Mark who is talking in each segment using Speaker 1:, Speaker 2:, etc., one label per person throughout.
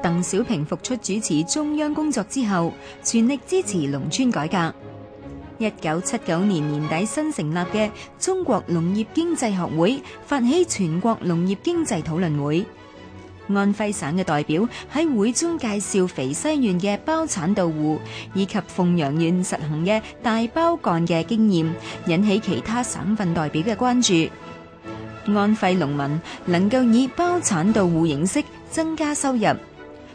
Speaker 1: 鄧小平復出主持中央工作之後，全力支持農村改革。一九七九年年底新成立嘅中國農業經濟學會發起全國農業經濟討論會，安徽省嘅代表喺會中介紹肥西縣嘅包產到戶以及鳳陽縣實行嘅大包乾嘅經驗，引起其他省份代表嘅關注。安徽農民能夠以包產到戶形式增加收入。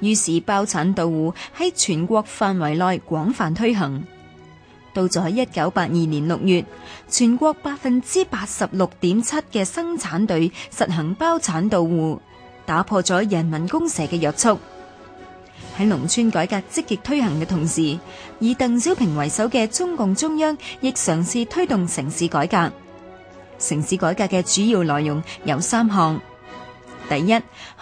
Speaker 1: 於是包產到戶喺全國範圍內廣泛推行。到咗一九八二年六月，全國百分之八十六點七嘅生產隊實行包產到戶，打破咗人民公社嘅約束。喺農村改革積極推行嘅同時，以鄧小平為首嘅中共中央亦嘗試推動城市改革。城市改革嘅主要內容有三項：第一，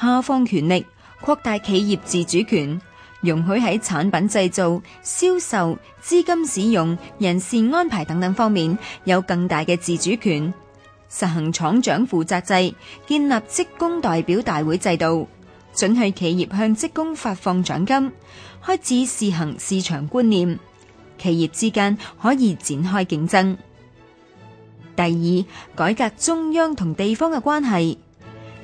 Speaker 1: 下放權力。擴大企業自主權，容許喺產品製造、銷售、資金使用、人事安排等等方面有更大嘅自主權；實行廠長負責制，建立職工代表大會制度，准許企業向職工發放獎金，開始試行市場觀念，企業之間可以展開競爭。第二，改革中央同地方嘅關係。